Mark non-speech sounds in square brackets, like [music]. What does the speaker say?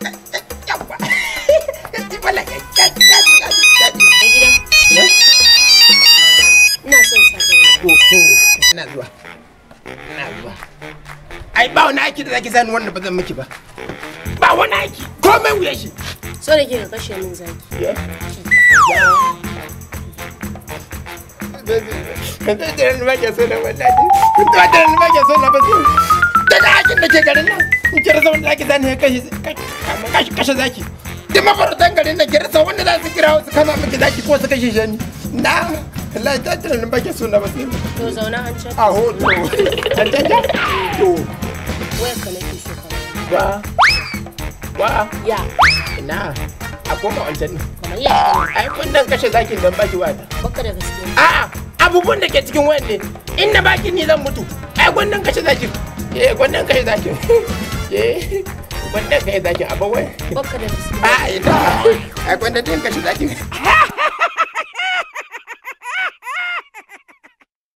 ina zuwa ina ba wani aiki da zaki sani wanda ba zan miki ba ba wani aiki komai wuya shi so da ke ka kashe min zaki ka zai ni ba ke so na wallahi ka zai ni ba ke so na ba daga hakin da ke garin nan in rasa wanda zaki kashi kashi zaki garin nan rasa wanda kira su kama miki zaki ko su kashe shi na Allah suna ba sai to zauna an ce a an ah, to waya ka nake so ba ba ya a wancan ne ya ai kun dan kashe zakin dan baki wata baka da a'a abubuwan da ke cikin wani in na baki ni zan mutu ai gwandan kashe zaki eh gwandan kashe zaki [laughs] eh gwandan kashe zaki abawai ba ka da a ita ai gwandan kashe zaki [laughs]